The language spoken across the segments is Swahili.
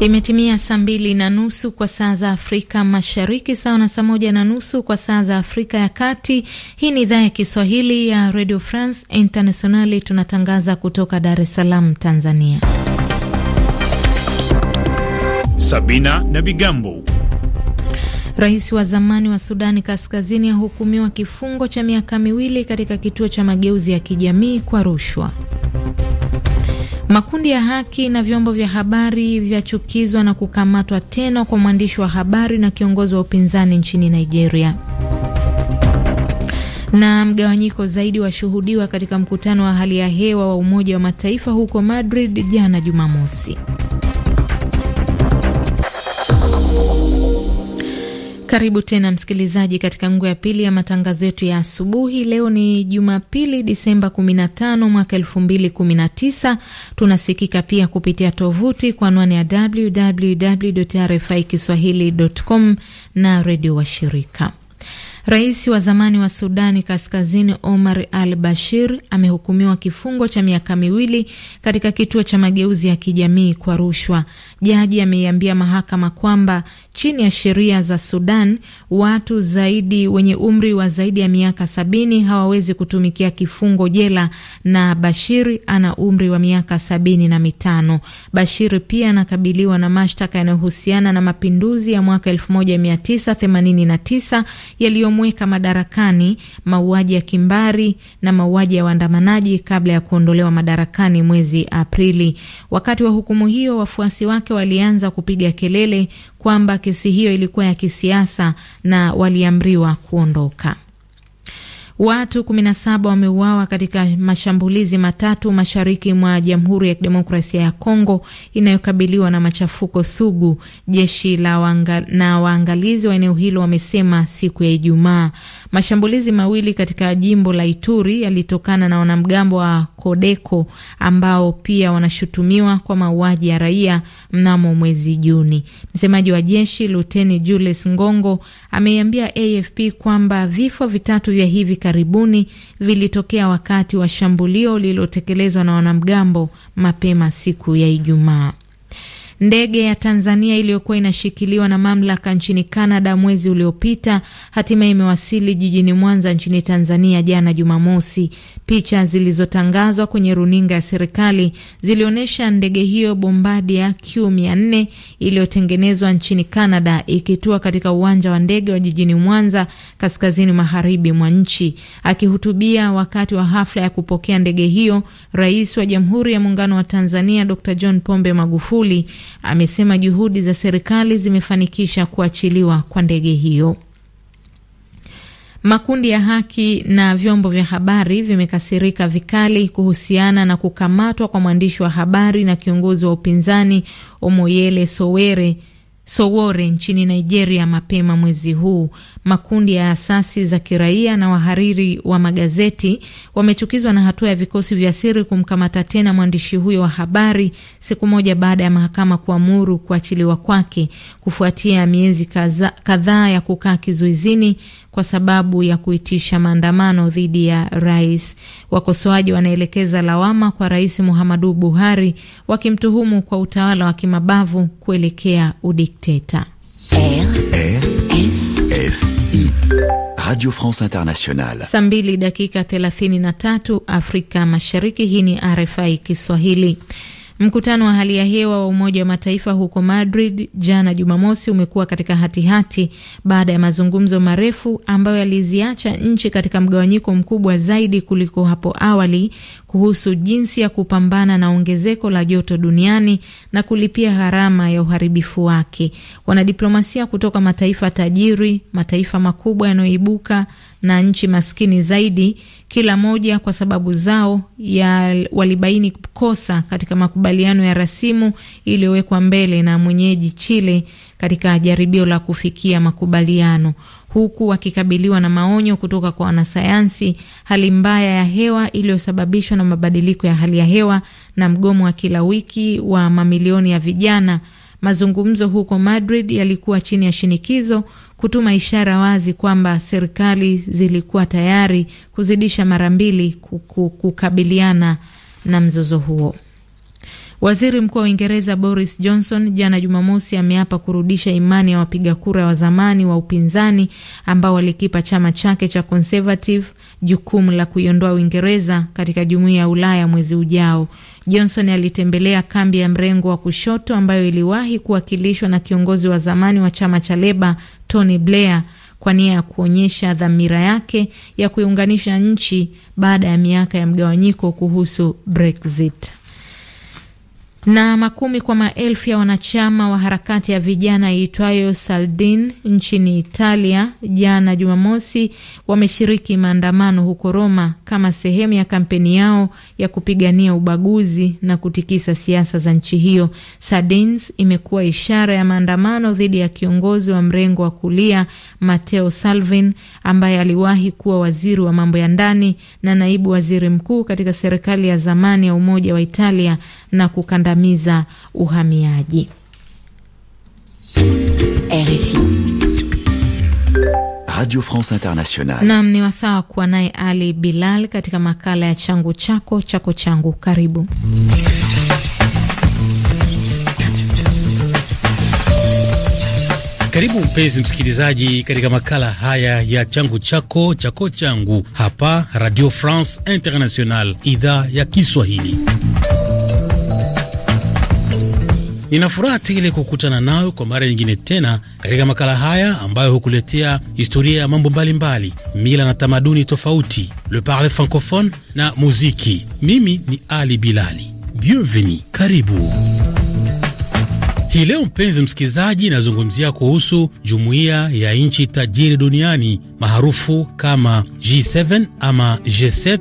Imetimia saa mbili na nusu kwa saa za Afrika Mashariki, sawa na saa moja na nusu kwa saa za Afrika ya Kati. Hii ni idhaa ya Kiswahili ya Radio France Internationali, tunatangaza kutoka Dar es Salaam, Tanzania. Sabina na Bigambo. Rais wa zamani wa Sudani Kaskazini ahukumiwa kifungo cha miaka miwili katika kituo cha mageuzi ya kijamii kwa rushwa. Makundi ya haki na vyombo vya habari vyachukizwa na kukamatwa tena kwa mwandishi wa habari na kiongozi wa upinzani nchini Nigeria. Na mgawanyiko zaidi washuhudiwa katika mkutano wa hali ya hewa wa Umoja wa Mataifa huko Madrid jana Jumamosi. Karibu tena msikilizaji, katika ngu ya pili ya matangazo yetu ya asubuhi. Leo ni Jumapili, Disemba 15 mwaka 2019. Tunasikika pia kupitia tovuti kwa anwani ya www RFI kiswahili.com na redio washirika. Rais wa zamani wa Sudani Kaskazini Omar al Bashir amehukumiwa kifungo cha miaka miwili katika kituo cha mageuzi ya kijamii kwa rushwa. Jaji ameiambia mahakama kwamba chini ya sheria za Sudan, watu zaidi wenye umri wa zaidi ya miaka sabini hawawezi kutumikia kifungo jela, na Bashiri ana umri wa miaka sabini na mitano. Bashiri pia anakabiliwa na mashtaka yanayohusiana na mapinduzi ya mwaka 1989 yaliyomweka madarakani, mauaji ya kimbari na mauaji ya waandamanaji kabla ya kuondolewa madarakani mwezi Aprili. Wakati wa hukumu hiyo, wafuasi wake wake walianza kupiga kelele kwamba kesi hiyo ilikuwa ya kisiasa na waliamriwa kuondoka. Watu 17 wameuawa katika mashambulizi matatu mashariki mwa Jamhuri ya Kidemokrasia ya Kongo inayokabiliwa na machafuko sugu, jeshi la wanga, na waangalizi wa eneo hilo wamesema siku ya Ijumaa. Mashambulizi mawili katika jimbo la Ituri yalitokana na wanamgambo wa Kodeko ambao pia wanashutumiwa kwa mauaji ya raia mnamo mwezi Juni. Msemaji wa jeshi Luteni Julius Ngongo ameiambia AFP kwamba vifo vitatu vya hivi karibuni vilitokea wakati wa shambulio lililotekelezwa na wanamgambo mapema siku ya Ijumaa. Ndege ya Tanzania iliyokuwa inashikiliwa na mamlaka nchini Canada mwezi uliopita hatimaye imewasili jijini Mwanza nchini Tanzania jana Jumamosi. Picha zilizotangazwa kwenye runinga ya serikali zilionyesha ndege hiyo Bombardier Q400 iliyotengenezwa nchini Canada ikitua katika uwanja wa ndege wa jijini Mwanza, kaskazini magharibi mwa nchi. Akihutubia wakati wa hafla ya kupokea ndege hiyo, Rais wa Jamhuri ya Muungano wa Tanzania Dr John Pombe Magufuli amesema juhudi za serikali zimefanikisha kuachiliwa kwa ndege hiyo. Makundi ya haki na vyombo vya habari vimekasirika vikali kuhusiana na kukamatwa kwa mwandishi wa habari na kiongozi wa upinzani Omoyele Sowore Sowore nchini Nigeria mapema mwezi huu. Makundi ya asasi za kiraia na wahariri wa magazeti wamechukizwa na hatua ya vikosi vya siri kumkamata tena mwandishi huyo wa habari siku moja baada ya mahakama kuamuru kuachiliwa kwake kufuatia miezi kadhaa ya kukaa kizuizini kwa sababu ya kuitisha maandamano dhidi ya rais. Wakosoaji wanaelekeza lawama kwa Rais Muhammadu Buhari wakimtuhumu kwa utawala wa kimabavu kuelekea udikteta. RFI RFI, Radio France Internationale. Saa mbili dakika 33 Afrika Mashariki. Hii ni RFI Kiswahili. Mkutano wa hali ya hewa wa Umoja wa Mataifa huko Madrid jana Jumamosi umekuwa katika hatihati hati baada ya mazungumzo marefu ambayo yaliziacha nchi katika mgawanyiko mkubwa zaidi kuliko hapo awali kuhusu jinsi ya kupambana na ongezeko la joto duniani na kulipia gharama ya uharibifu wake. Wanadiplomasia kutoka mataifa tajiri, mataifa makubwa yanayoibuka na nchi maskini zaidi, kila moja kwa sababu zao ya walibaini kosa katika makubaliano ya rasimu iliyowekwa mbele na mwenyeji Chile katika jaribio la kufikia makubaliano, huku wakikabiliwa na maonyo kutoka kwa wanasayansi, hali mbaya ya hewa iliyosababishwa na mabadiliko ya hali ya hewa na mgomo wa kila wiki wa mamilioni ya vijana. Mazungumzo huko Madrid yalikuwa chini ya shinikizo kutuma ishara wazi kwamba serikali zilikuwa tayari kuzidisha mara mbili kukabiliana na mzozo huo. Waziri Mkuu wa Uingereza Boris Johnson jana Jumamosi ameapa kurudisha imani ya wapiga kura wa zamani wa upinzani ambao walikipa chama chake cha Conservative jukumu la kuiondoa Uingereza katika jumuiya ya Ulaya mwezi ujao. Johnson alitembelea kambi ya mrengo wa kushoto ambayo iliwahi kuwakilishwa na kiongozi wa zamani wa chama cha Leba Tony Blair kwa nia ya kuonyesha dhamira yake ya kuiunganisha nchi baada ya miaka ya mgawanyiko kuhusu Brexit. Na makumi kwa maelfu ya wanachama wa harakati ya vijana iitwayo Saldin nchini Italia jana Jumamosi wameshiriki maandamano huko Roma kama sehemu ya kampeni yao ya kupigania ubaguzi na kutikisa siasa za nchi hiyo. Sardines imekuwa ishara ya maandamano dhidi ya kiongozi wa mrengo wa kulia Matteo Salvin ambaye aliwahi kuwa waziri wa mambo ya ndani na naibu waziri mkuu katika serikali ya zamani ya umoja wa Italia na kukanda kukandamiza uhamiaji. RFI Radio France Internationale. Naam, ni wasawa kuwa naye Ali Bilal katika makala ya changu chako chako changu. Karibu. Karibu mpenzi msikilizaji, katika makala haya ya changu chako chako changu hapa Radio France international idhaa ya Kiswahili. Nina furaha tele kukutana nawe kwa mara nyingine tena katika makala haya ambayo hukuletea historia ya mambo mbalimbali, mila na tamaduni tofauti, le parle francophone na muziki. Mimi ni Ali Bilali. bienveni karibu. Hii leo mpenzi msikilizaji, nazungumzia kuhusu jumuiya ya nchi tajiri duniani maarufu kama G7 ama G7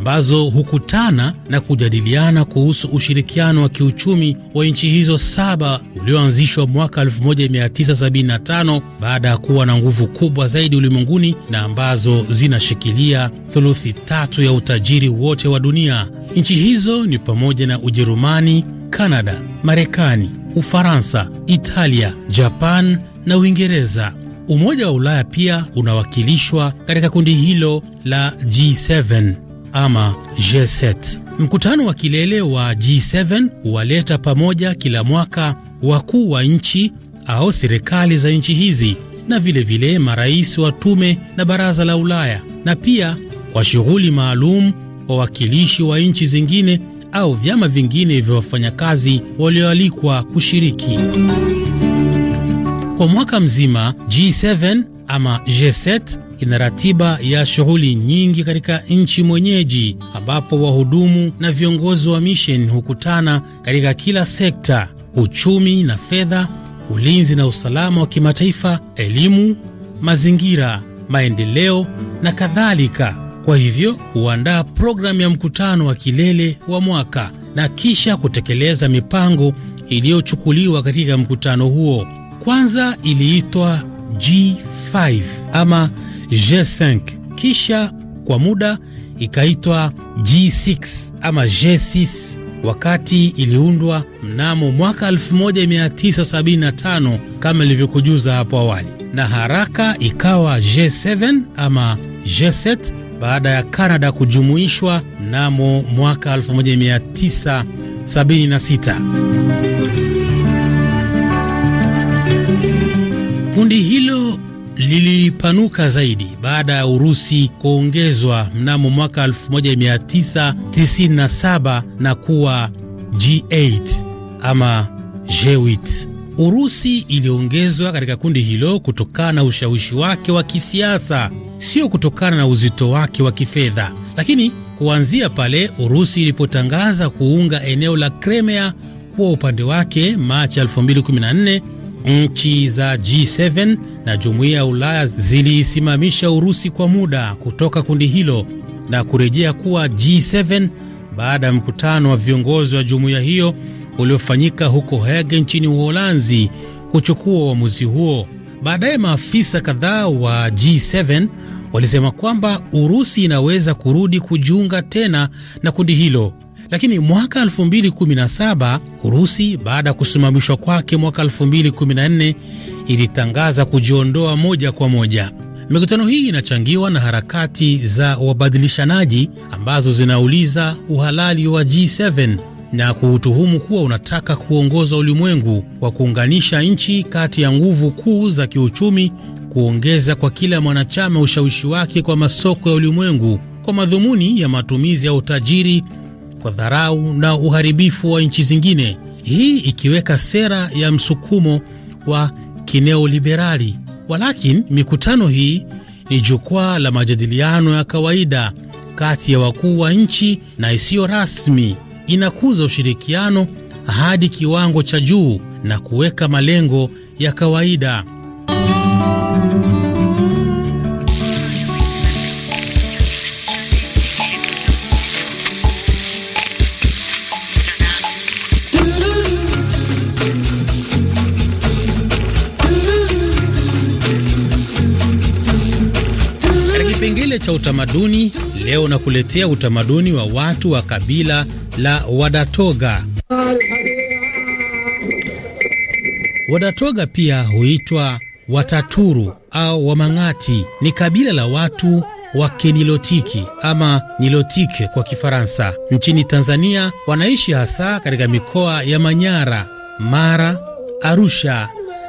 ambazo hukutana na kujadiliana kuhusu ushirikiano wa kiuchumi wa nchi hizo saba ulioanzishwa mwaka 1975 baada ya kuwa na nguvu kubwa zaidi ulimwenguni na ambazo zinashikilia thuluthi tatu ya utajiri wote wa dunia. Nchi hizo ni pamoja na Ujerumani, Kanada, Marekani, Ufaransa, Italia, Japan na Uingereza. Umoja wa Ulaya pia unawakilishwa katika kundi hilo la G7 ama G7. Mkutano wa kilele wa G7 huwaleta pamoja kila mwaka wakuu wa nchi au serikali za nchi hizi na vilevile vile marais wa tume na baraza la Ulaya na pia kwa shughuli maalum wawakilishi wa nchi zingine au vyama vingine vya wafanyakazi walioalikwa kushiriki. Kwa mwaka mzima G7 ama G7 ina ratiba ya shughuli nyingi katika nchi mwenyeji, ambapo wahudumu na viongozi wa misheni hukutana katika kila sekta: uchumi na fedha, ulinzi na usalama wa kimataifa, elimu, mazingira, maendeleo na kadhalika. Kwa hivyo huandaa programu ya mkutano wa kilele wa mwaka na kisha kutekeleza mipango iliyochukuliwa katika mkutano huo. Kwanza iliitwa G5 ama G5 kisha kwa muda ikaitwa G6 ama G6 wakati iliundwa mnamo mwaka 1975 kama ilivyokujuza hapo awali, na haraka ikawa G7 ama G7 baada ya Kanada kujumuishwa mnamo mwaka 1976. lilipanuka zaidi baada ya Urusi kuongezwa mnamo mwaka 1997 na kuwa G8 ama G8. Urusi iliongezwa katika kundi hilo kutokana na ushawishi wake wa kisiasa, sio kutokana na uzito wake wa kifedha. Lakini kuanzia pale Urusi ilipotangaza kuunga eneo la Crimea kuwa upande wake Machi 2014 Nchi za G7 na jumuiya ya Ulaya ziliisimamisha Urusi kwa muda kutoka kundi hilo na kurejea kuwa G7 baada ya mkutano wa viongozi wa jumuiya hiyo uliofanyika huko Hague nchini Uholanzi kuchukua uamuzi huo. Baadaye maafisa kadhaa wa G7 walisema kwamba Urusi inaweza kurudi kujiunga tena na kundi hilo. Lakini mwaka 2017 Urusi, baada ya kusimamishwa kwake mwaka 2014, ilitangaza kujiondoa moja kwa moja. Mikutano hii inachangiwa na harakati za wabadilishanaji ambazo zinauliza uhalali wa G7 na kuutuhumu kuwa unataka kuongoza ulimwengu kwa kuunganisha nchi kati ya nguvu kuu za kiuchumi, kuongeza kwa kila mwanachama ushawishi wake kwa masoko ya ulimwengu kwa madhumuni ya matumizi ya utajiri kwa dharau na uharibifu wa nchi zingine, hii ikiweka sera ya msukumo wa kineoliberali. Walakin mikutano hii ni jukwaa la majadiliano ya kawaida kati ya wakuu wa nchi na isiyo rasmi, inakuza ushirikiano hadi kiwango cha juu na kuweka malengo ya kawaida. cha utamaduni leo nakuletea utamaduni wa watu wa kabila la Wadatoga. Wadatoga pia huitwa Wataturu au Wamang'ati, ni kabila la watu wa Kenilotiki ama Nilotike kwa Kifaransa. Nchini Tanzania wanaishi hasa katika mikoa ya Manyara, Mara, Arusha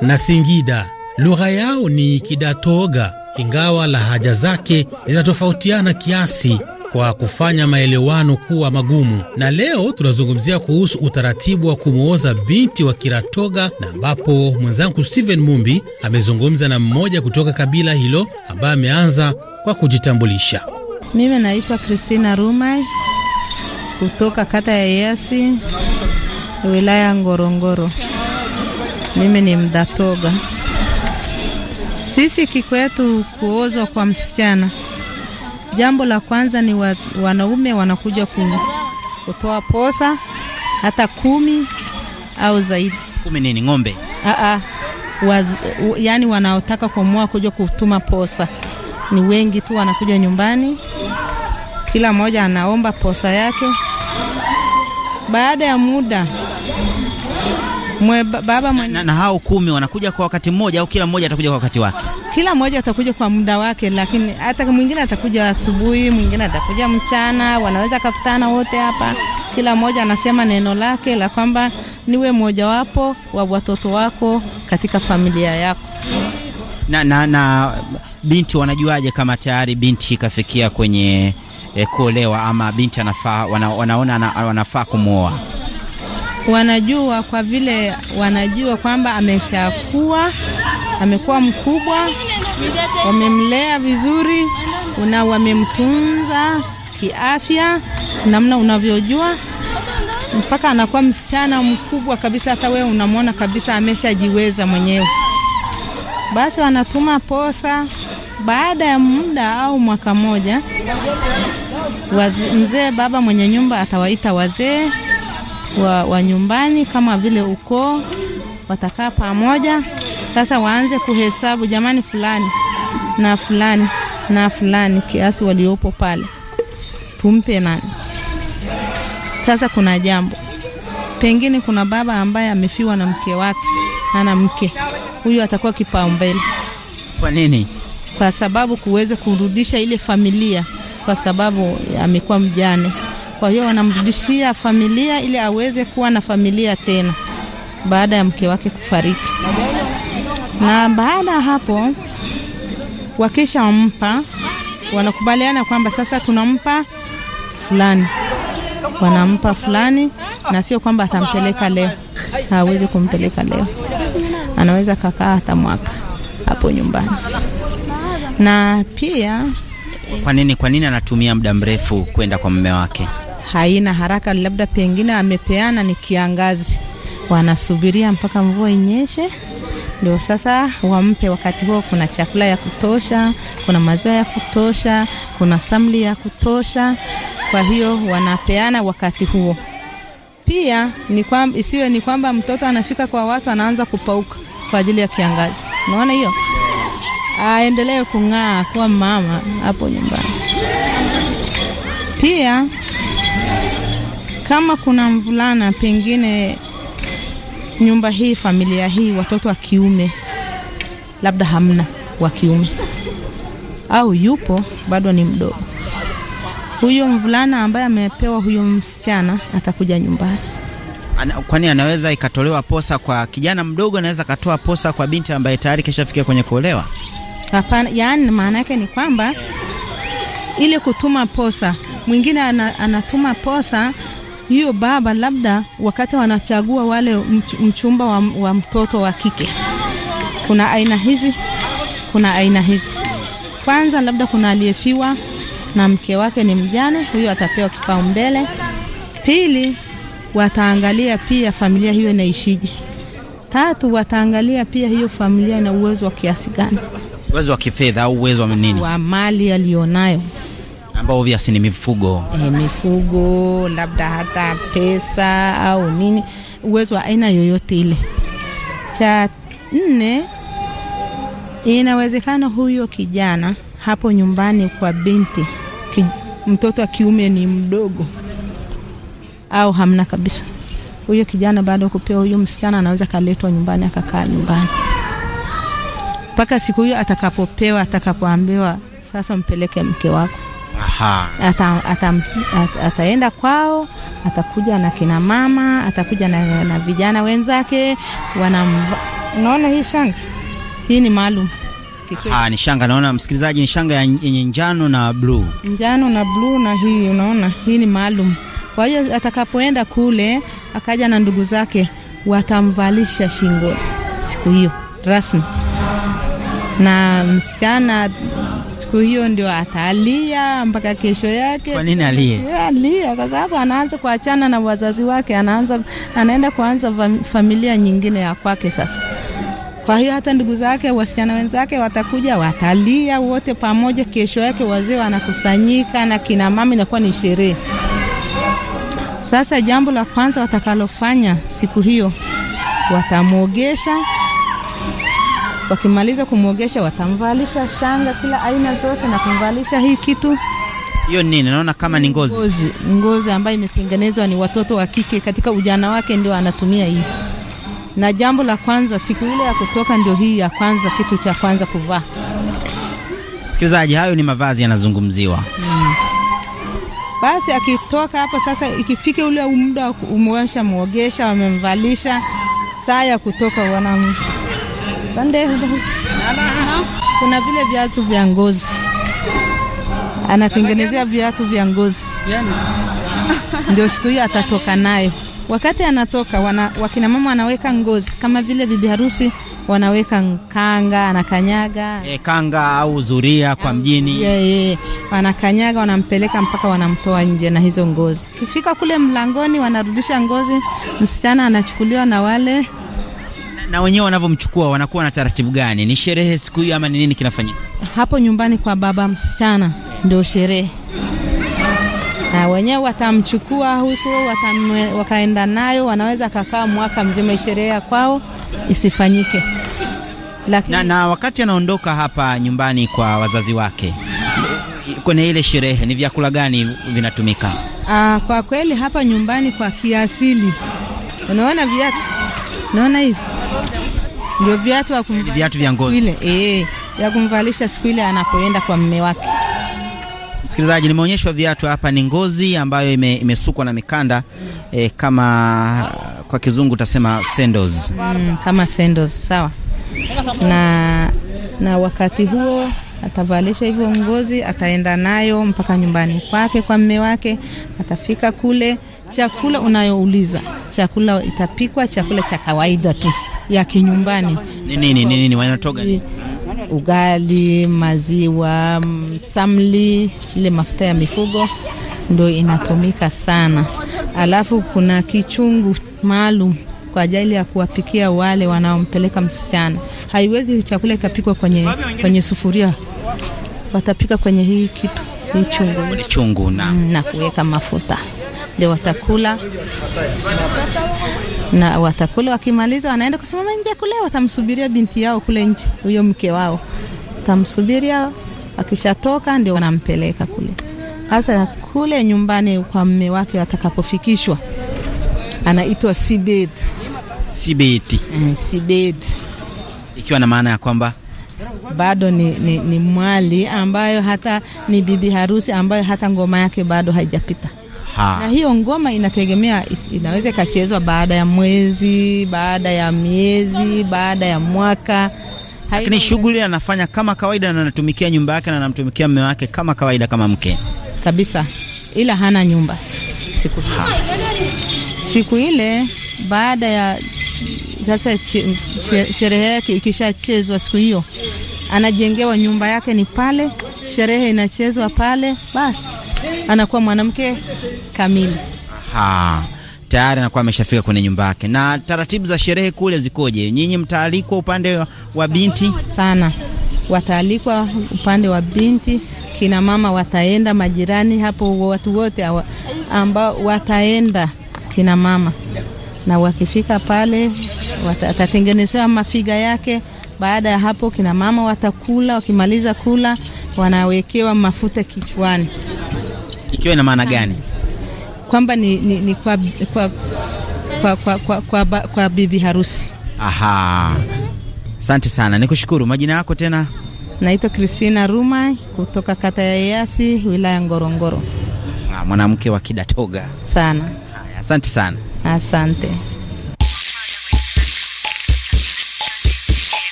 na Singida. Lugha yao ni Kidatoga ingawa lahaja zake zinatofautiana kiasi kwa kufanya maelewano kuwa magumu. Na leo tunazungumzia kuhusu utaratibu wa kumwoza binti wa Kiratoga, na ambapo mwenzangu Steven Mumbi amezungumza na mmoja kutoka kabila hilo ambaye ameanza kwa kujitambulisha. Mimi naitwa Kristina Rumai kutoka kata ya Yasi, wilaya Ngorongoro. Mimi ni Mdatoga. Sisi kikwetu kuozwa kwa msichana, jambo la kwanza ni wa, wanaume wanakuja kutoa posa hata kumi au zaidi. Kumi nini? Ng'ombe? Aa, ah, ah. waz, yani wanaotaka kuamua kuja kutuma posa ni wengi tu, wanakuja nyumbani, kila mmoja anaomba posa yake. Baada ya muda Mwe baba mwe... na, na hao kumi wanakuja kwa wakati mmoja au kila mmoja atakuja kwa wakati wake? Kila mmoja atakuja kwa muda wake, lakini hata mwingine atakuja asubuhi, mwingine atakuja mchana. Wanaweza kukutana wote hapa, kila mmoja anasema neno lake la kwamba niwe mmojawapo wa watoto wako katika familia yako. Na, na, na binti wanajuaje kama tayari binti ikafikia kwenye eh, kuolewa ama binti anafaa, wana, wanaona anafaa kumwoa? wanajua kwa vile wanajua kwamba ameshakuwa amekuwa mkubwa, wamemlea vizuri una wamemtunza kiafya, namna unavyojua mpaka anakuwa msichana mkubwa kabisa, hata wewe unamwona kabisa ameshajiweza mwenyewe. Basi wanatuma posa. Baada ya muda au mwaka mmoja, mzee baba mwenye nyumba atawaita wazee wa, wa nyumbani kama vile ukoo, watakaa pamoja sasa, waanze kuhesabu jamani, fulani na fulani na fulani kiasi waliopo pale, tumpe nani? Sasa kuna jambo pengine, kuna baba ambaye amefiwa na mke wake, ana mke huyu, atakuwa kipaumbele. Kwa nini? Kwa sababu kuweze kurudisha ile familia, kwa sababu amekuwa mjane kwa hiyo wanamrudishia familia ili aweze kuwa na familia tena baada ya mke wake kufariki. Na baada ya hapo, wampa wanakubaliana kwamba sasa tunampa fulani, wanampa fulani, na sio kwamba atampeleka leo. Hawezi kumpeleka leo, anaweza kakaa hata mwaka hapo nyumbani. Na pia kwa nini kwa nini anatumia muda mrefu kwenda kwa mume wake? haina haraka, labda pengine amepeana ni kiangazi, wanasubiria mpaka mvua inyeshe ndio sasa wampe. Wakati huo kuna chakula ya kutosha, kuna maziwa ya kutosha, kuna samli ya kutosha. Kwa hiyo wanapeana wakati huo. Pia ni kwamba isiwe ni kwamba mtoto anafika kwa watu anaanza kupauka kwa ajili ya kiangazi. Unaona hiyo, aendelee kung'aa kuwa mama hapo nyumbani. Pia kama kuna mvulana pengine nyumba hii, familia hii, watoto wa kiume labda hamna wa kiume, au yupo bado ni mdogo, huyo mvulana ambaye amepewa huyo msichana atakuja nyumbani. Ana, kwani anaweza ikatolewa posa kwa kijana mdogo, anaweza akatoa posa kwa binti ambaye tayari kishafikia kwenye kuolewa? Hapana, yaani maana yake ni kwamba ile kutuma posa, mwingine ana, anatuma posa hiyo baba labda wakati wanachagua wale mchumba wa, wa mtoto wa kike. Kuna aina hizi, kuna aina hizi. Kwanza labda kuna aliyefiwa na mke wake ni mjane, huyo atapewa kipaumbele. Pili, wataangalia pia familia hiyo inaishije. Tatu, wataangalia pia hiyo familia ina uwezo wa kiasi gani, uwezo wa kifedha au uwezo wa nini, wa mali aliyonayo ambao obviously ni mifugo e, mifugo labda hata pesa au nini, uwezo wa aina yoyote ile. Cha nne, inawezekana huyo kijana hapo nyumbani kwa binti ki, mtoto wa kiume ni mdogo au hamna kabisa, huyo kijana bado kupewa, huyo msichana anaweza kaletwa nyumbani akakaa nyumbani mpaka siku hiyo atakapopewa, atakapoambiwa sasa mpeleke mke wako. Aha. Ata, ata, ata, ataenda kwao, atakuja na kina mama, atakuja na, na vijana wenzake wanam... Unaona hii shanga hii ni maalum Ha, ni shanga naona, msikilizaji, ni shanga yenye njano na bluu, njano na bluu, na hii unaona, hii ni maalum. Kwa hiyo atakapoenda kule, akaja na ndugu zake, watamvalisha shingo siku hiyo rasmi, na msichana siku hiyo ndio atalia mpaka kesho yake. Kwa nini alie? Yeah, alia kwa sababu anaanza kuachana na wazazi wake, anaanza anaenda kuanza familia nyingine ya kwake sasa. Kwa hiyo hata ndugu zake, wasichana wenzake watakuja, watalia wote pamoja. Kesho yake wazee wanakusanyika na kina mama, inakuwa ni sherehe. Sasa jambo la kwanza watakalofanya siku hiyo watamwogesha Wakimaliza kumwogesha, watamvalisha shanga kila aina zote na kumvalisha hii kitu hiyo nini, naona kama ni ngozi ngozi, ngozi ambayo imetengenezwa ni watoto wa kike, katika ujana wake ndio anatumia hii. Na jambo la kwanza siku ile ya kutoka, ndio hii ya kwanza, kitu cha kwanza kuvaa. Msikilizaji, hayo ni mavazi yanazungumziwa. hmm. Basi akitoka hapo sasa, ikifika ule muda umewasha mwogesha, wamemvalisha, saa ya kutoka wanamu kuna vile viatu vya ngozi, anatengenezea viatu vya ngozi, ndio siku hiyo atatoka naye Wakati anatoka wana, wakina mama wanaweka ngozi kama vile bibi harusi wanaweka kanga, anakanyaga e, kanga au zuria kwa mjini yeah, yeah. Wanakanyaga, wanampeleka mpaka wanamtoa nje na hizo ngozi. Kifika kule mlangoni, wanarudisha ngozi, msichana anachukuliwa na wale na wenyewe wanavyomchukua wanakuwa na taratibu gani? Ni sherehe siku hiyo ama ni nini kinafanyika hapo nyumbani kwa baba msichana? Ndio sherehe, na wenyewe watamchukua huko, wakaenda nayo, wanaweza kakaa mwaka mzima, sherehe ya kwao isifanyike. Lakini... na, na wakati anaondoka hapa nyumbani kwa wazazi wake kwenye ile sherehe ni vyakula gani vinatumika? Aa, ah, kwa kweli hapa nyumbani kwa kiasili, unaona viatu, unaona hivi ndio viatu akumvalisha viatu vya ngozi ile eh, ya kumvalisha siku ile anapoenda kwa mume wake. Msikilizaji, nimeonyeshwa viatu hapa, ni ngozi ambayo ime, imesukwa na mikanda eh, kama uh, kwa kizungu utasema sandals. Mm, kama sandals sawa, na na wakati huo atavalisha hivyo ngozi, ataenda nayo mpaka nyumbani kwake kwa mume wake, atafika kule chakula unayouliza, chakula itapikwa, chakula cha kawaida tu ya kinyumbani. Ni nini ni nini wanatoga ni? Ugali, maziwa, samli, ile mafuta ya mifugo ndo inatumika sana, alafu kuna kichungu maalum kwa ajili ya kuwapikia wale wanaompeleka msichana. Haiwezi chakula ikapikwa kwenye, kwenye sufuria, watapika kwenye hii kitu hii chungu, chungu na, mm, na kuweka mafuta ndio watakula na watakula, wakimaliza wanaenda kusimama nje kule, watamsubiria binti yao kule nje, huyo mke wao tamsubiria, akishatoka ndio wanampeleka kule. hasa kule nyumbani kwa mme wake atakapofikishwa, anaitwa sibed. sibed Mm, eh, ikiwa na maana ya kwamba bado ni, ni, ni mwali ambayo hata ni bibi harusi ambayo hata ngoma yake bado haijapita. Ha. Na hiyo ngoma inategemea, inaweza ikachezwa baada ya mwezi, baada ya miezi, baada ya mwaka, lakini shughuli anafanya kama kawaida, na anatumikia nyumba yake na anamtumikia mume wake kama kawaida, kama mke kabisa, ila hana nyumba siku ha. Siku ile baada ya sasa sherehe yake ikishachezwa siku hiyo, anajengewa nyumba yake, ni pale sherehe inachezwa pale, basi anakuwa mwanamke kamili. Aha, tayari anakuwa ameshafika kwenye nyumba yake. Na taratibu za sherehe kule zikoje? Nyinyi mtaalikwa upande wa binti sana, wataalikwa upande wa binti, kina mama wataenda, majirani hapo, watu wote ambao wataenda kina mama, na wakifika pale watatengenezewa mafiga yake. Baada ya hapo, kina mama watakula, wakimaliza kula wanawekewa mafuta kichwani kufanikiwa ina maana gani? Kwamba ni, ni, ni kwa, kwa, kwa, kwa, kwa, kwa, kwa, kwa bibi harusi. Aha, asante sana, nikushukuru. Majina yako tena? Naitwa Kristina Ruma kutoka kata ya easi wilaya Ngorongoro. Ah, mwanamke wa kidatoga sana. Asante sana, asante.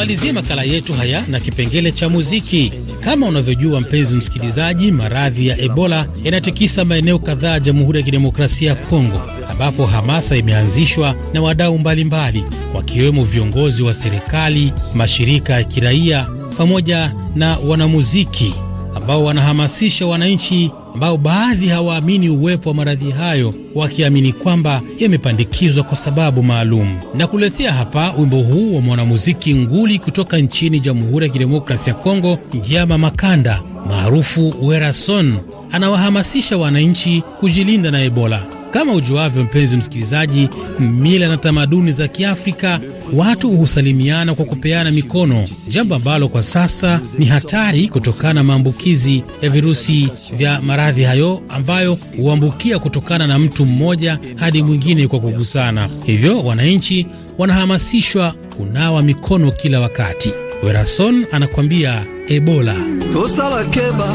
Tumalizie makala yetu haya na kipengele cha muziki. Kama unavyojua mpenzi msikilizaji, maradhi ya Ebola yanatikisa maeneo kadhaa ya Jamhuri ya Kidemokrasia ya Kongo, ambapo hamasa imeanzishwa na wadau mbalimbali, wakiwemo viongozi wa serikali, mashirika ya kiraia pamoja na wanamuziki ambao wanahamasisha wananchi ambao baadhi hawaamini uwepo wa maradhi hayo, wakiamini kwamba yamepandikizwa kwa sababu maalum. Na kuletea hapa wimbo huu wa mwanamuziki nguli kutoka nchini Jamhuri ya Kidemokrasia ya Kongo, Njama Makanda maarufu Werason, anawahamasisha wananchi kujilinda na Ebola. Kama ujuavyo, mpenzi msikilizaji, mila na tamaduni za Kiafrika watu husalimiana kwa kupeana mikono, jambo ambalo kwa sasa ni hatari kutokana na maambukizi ya virusi vya maradhi hayo ambayo huambukia kutokana na mtu mmoja hadi mwingine kwa kugusana. Hivyo wananchi wanahamasishwa kunawa mikono kila wakati. Werason anakwambia Ebola keba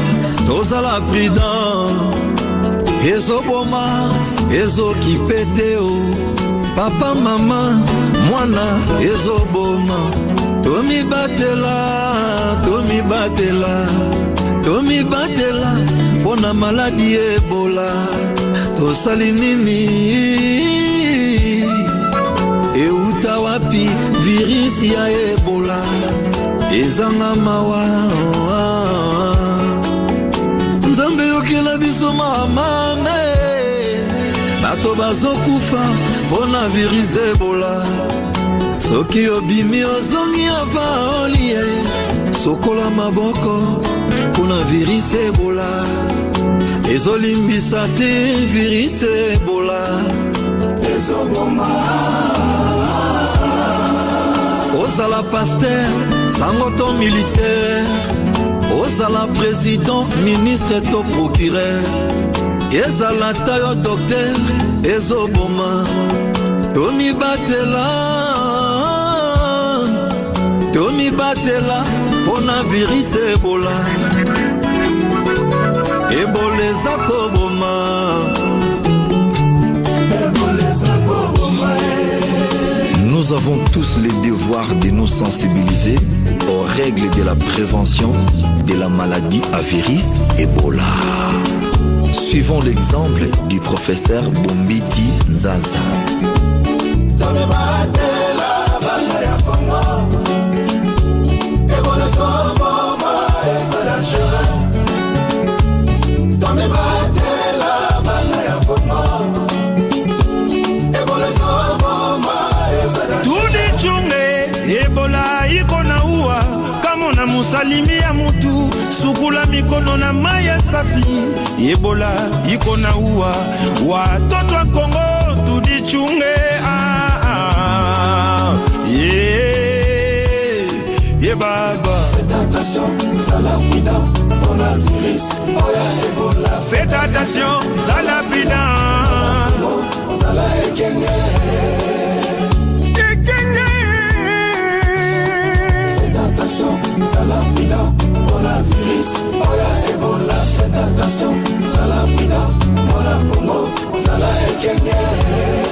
ezoboma ezokipeteo papa mama mwana ezoboma tomibatela tomibatela tomibatela mpo na maladi ebola tosali nini euta wapi virisi ya ebola ezanga mawa nzambe yokela biso mamame bato bazokufa mpo na virisi ebola soki obimi ozongi ava olie sokola maboko mpona virisi ebola ezolimbisa te virisi ebola ezoboma ozala paster sango to militaire ozala président ministre to procureur ezala ta yo docteur ezoboma tomibatela ebola ebola koboma Nous avons tous le devoir de nous sensibiliser aux règles de la prévention de la maladie à virus Ebola. Suivons l'exemple du professeur Bombiti Nzaza. ebola iko na uwa kamo na mosalimi ya motu sukula mikono na mai ya safi ebola iko na uwa watoto ya kongo tudichunge ah, ah, yeah, yeah, baba faites attention zala prudent oh, oh, zala ekenge sida mpona virus oya ebola fete attention zala mina mpona kongo zala ekenge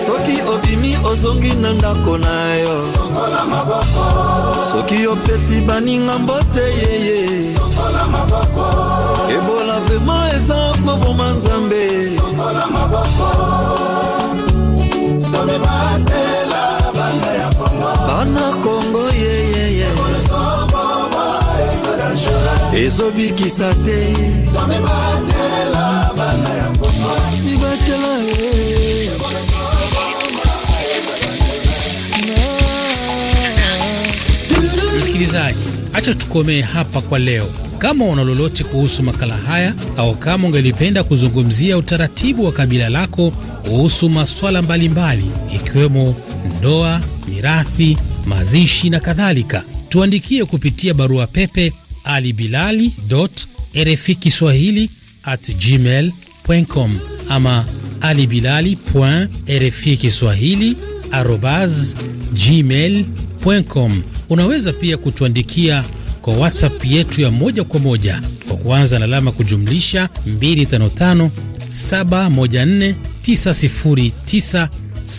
soki obimi ozongi na ndako na yo sokola maboko soki opesi baninga mbote yeye sokola maboko ebola vrema eza koboma nzambe sokola maboko ezobikisa te msikilizaji acha tukomee hapa kwa leo kama una lolote kuhusu makala haya au kama ungelipenda kuzungumzia utaratibu wa kabila lako kuhusu masuala mbalimbali ikiwemo ndoa mirathi mazishi na kadhalika tuandikie kupitia barua pepe ali Bilali RFI Kiswahili at gmail com ama Ali Bilali RFI Kiswahili arobas gmail com. Unaweza pia kutuandikia kwa WhatsApp yetu ya moja kwa moja kwa kuanza na alama kujumlisha 255 714 909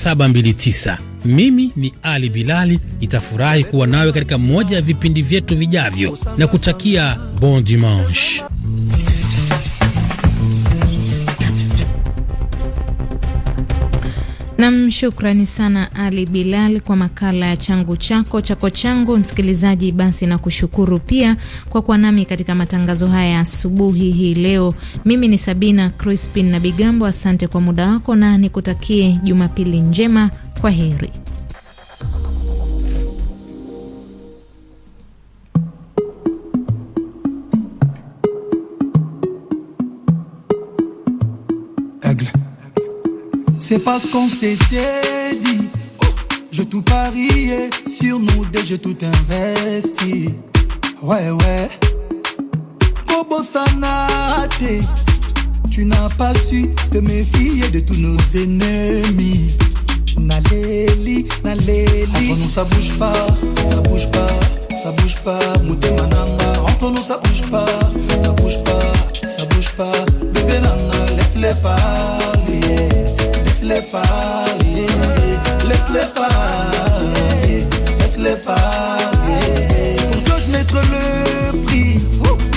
729. Mimi ni Ali Bilali, itafurahi kuwa nawe katika moja ya vipindi vyetu vijavyo na kutakia bon dimanche. Nam, shukrani sana Ali Bilal kwa makala ya changu chako chako changu. Msikilizaji, basi na kushukuru pia kwa kuwa nami katika matangazo haya ya asubuhi hii leo. Mimi ni Sabina Crispin na Bigambo, asante kwa muda wako na nikutakie Jumapili njema. Kwa heri. C'est parce qu'on s'était dit. Oh, je tout parié sur nous dès j'ai tout investi. Ouais, ouais. Bobo Sanate tu n'as pas su te méfier de tous nos ennemis. Naléli, Naléli. Entre nous, ça bouge pas, ça bouge pas, ça bouge pas. Mouté mananga. Entre nous, ça bouge pas, ça bouge pas, ça bouge pas. Bébé Nana, laisse-les parler laisse-les parler, laisse-les parler, laisse-les parler. Pour toi, je le prix.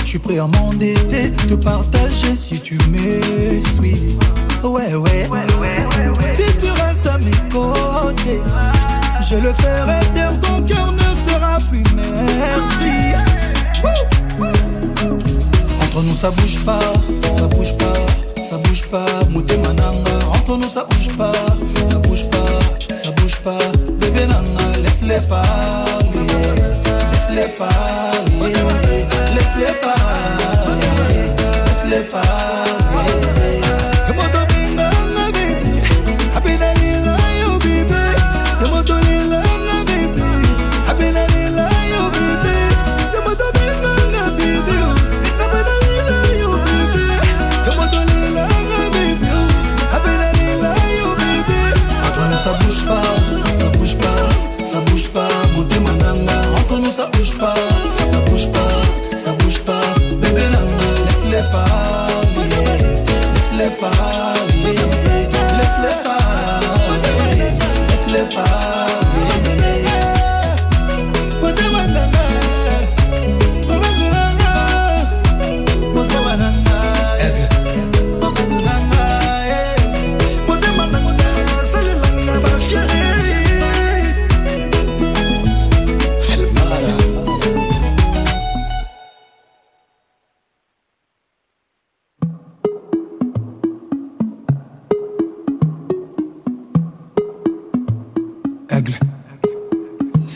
Je suis prêt à m'endetter, te partager si tu me suis. Ouais, ouais. ouais, ouais, ouais si tu restes à mes côtés, je le ferai taire, ton cœur ne sera plus merdi. Entre nous, ça bouge pas, ça bouge pas ça bouge pas, Mouté mananga, entre nous ça bouge pas, ça bouge pas, ça bouge pas, bébé nana, laisse-les pas, laisse-les parler, laisse-les parler, laisse-les parler.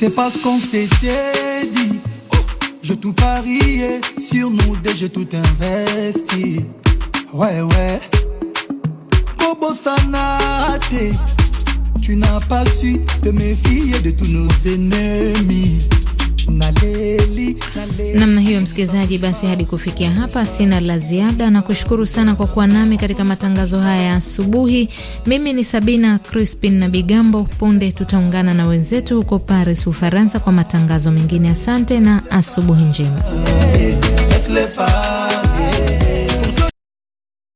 C'est parce qu'on s'était dit. Oh, je tout pariais sur nous Dès j'ai tout investi. Ouais, ouais. Bobo Sanate, tu n'as pas su te méfier de tous nos ennemis. namna hiyo, msikilizaji. Basi hadi kufikia hapa, sina la ziada na kushukuru sana kwa kuwa nami katika matangazo haya ya asubuhi. Mimi ni Sabina Crispin na Bigambo. Punde tutaungana na wenzetu huko Paris, Ufaransa, kwa matangazo mengine. Asante na asubuhi njema.